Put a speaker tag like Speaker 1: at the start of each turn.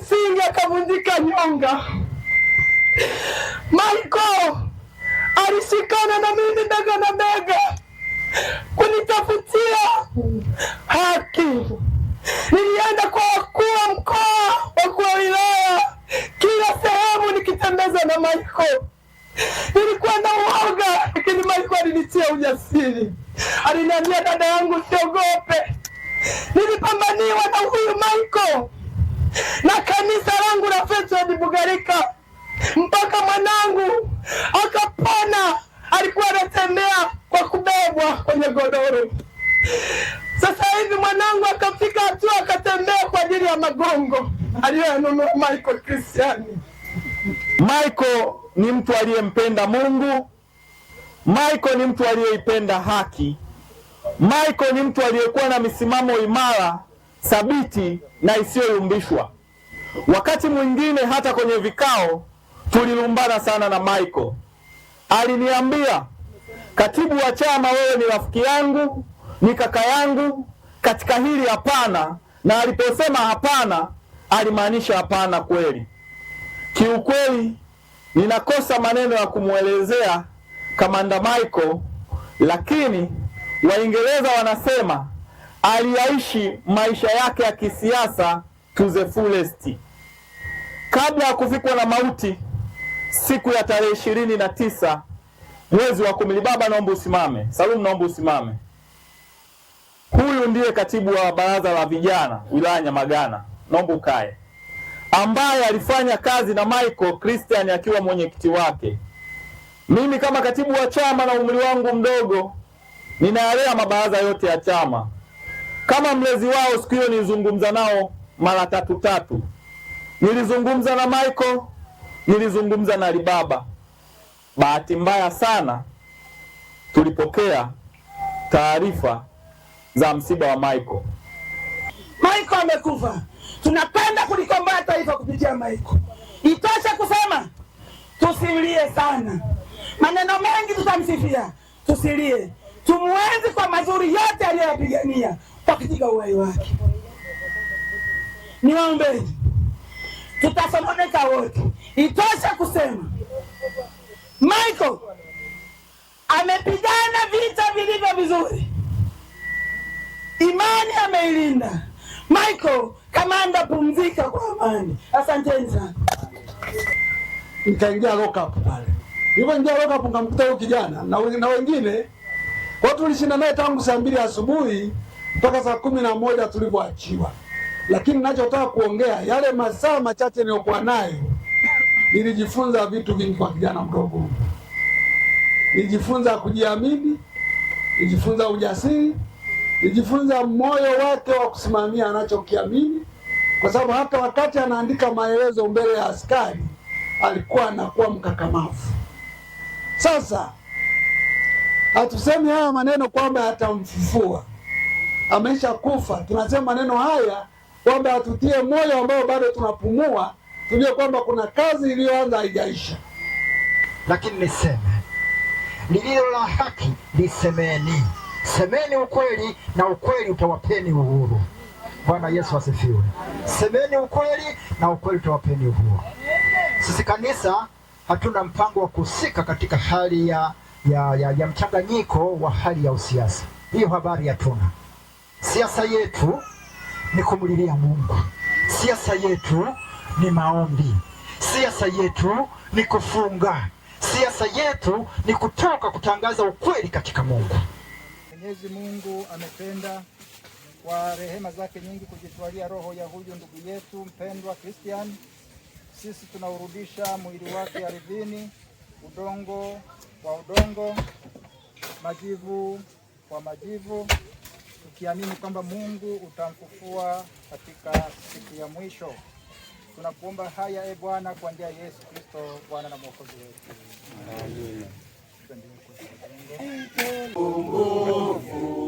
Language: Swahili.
Speaker 1: msingi akavunjika nyonga. maiko alishikana na mimi bega na bega kunitafutia haki. Nilienda kwa wakuu wa mkoa, wakuu wa wilaya, kila sehemu nikitembeza na Maiko. Nilikuwa na uoga, lakini maiko alinitia ujasiri, aliniambia dada yangu, siogope. Nilipambaniwa na huyu Maiko alibarika mpaka mwanangu akapona. Alikuwa anatembea kwa kubebwa kwenye godoro. Sasa hivi mwanangu akafika hatua akatembea kwa ajili ya magongo aliyoyanunua Michael Kristiani.
Speaker 2: Michael ni mtu aliyempenda Mungu. Michael ni mtu aliyeipenda haki. Michael ni mtu aliyekuwa na misimamo imara, thabiti na isiyoyumbishwa. Wakati mwingine hata kwenye vikao tulilumbana sana na Michael. Aliniambia, katibu wa chama, wewe ni rafiki yangu, ni kaka yangu, katika hili hapana. Na aliposema hapana, alimaanisha hapana kweli. Kiukweli ninakosa maneno ya kumwelezea kamanda Michael, lakini Waingereza wanasema aliyaishi maisha yake ya kisiasa to the fullest, kabla ya kufikwa na mauti siku ya tarehe ishirini na tisa mwezi wa kumi. Baba, naomba usimame. Salum, naomba usimame. Huyu ndiye katibu wa baraza la vijana wilaya Nyamagana, naomba ukae, ambaye alifanya kazi na Michael Christian akiwa mwenyekiti wake. Mimi kama katibu wa chama na umri wangu mdogo, ninayalea mabaraza yote ya chama. Kama mlezi wao, siku hiyo nilizungumza nao mara tatu tatu. Nilizungumza na Michael, nilizungumza na Alibaba. Bahati mbaya sana tulipokea taarifa za msiba wa Michael.
Speaker 1: Michael amekufa. Tunapenda kulikomboa taifa kupitia Michael. Itosha kusema tusilie sana, maneno mengi tutamsifia, tusilie, tumuenzi kwa mazuri yote aliyoyapigania kwa katika uhai wake niwaombeni, tutasononeka wote. Itosha kusema Michael amepigana vita vilivyo vizuri, imani ameilinda. Michael kamanda, pumzika kwa amani. Asanteni sana.
Speaker 3: Nikaingia up pale, nilipoingia up nikamkuta huyo kijana na, na wengine kwa tulishinda naye tangu saa mbili asubuhi mpaka saa kumi na moja tulivyoachiwa lakini ninachotaka kuongea, yale masaa machache niliyokuwa nayo, nilijifunza vitu vingi kwa kijana mdogo. Nilijifunza kujiamini, nilijifunza ujasiri, nilijifunza moyo wake wa kusimamia anachokiamini, kwa sababu hata wakati anaandika maelezo mbele ya askari alikuwa anakuwa mkakamavu. Sasa hatusemi haya maneno kwamba yatamfufua, amesha kufa. Tunasema maneno haya kwamba atutie moyo ambao bado tunapumua, tujue kwamba kuna kazi iliyoanza haijaisha.
Speaker 4: Lakini niseme lililo la haki lisemeni, semeni ukweli na ukweli utawapeni uhuru. Bwana Yesu asifiwe. Semeni ukweli na ukweli utawapeni uhuru. Sisi kanisa hatuna mpango wa kuhusika katika hali ya, ya, ya, ya mchanganyiko wa hali ya usiasa. Hiyo habari hatuna. Siasa yetu ni kumlilia Mungu. Siasa yetu ni maombi, siasa yetu ni kufunga, siasa yetu ni kutoka kutangaza ukweli katika Mungu.
Speaker 5: Mwenyezi Mungu amependa kwa rehema zake nyingi kujitwalia roho ya huyu ndugu yetu mpendwa Christian. Sisi tunaurudisha mwili wake ardhini, udongo kwa udongo, majivu kwa majivu tukiamini kwamba Mungu utamfufua katika siku ya mwisho. Tunakuomba haya e Bwana, kwa njia ya Yesu Kristo Bwana na Mwokozi wetu. Amina.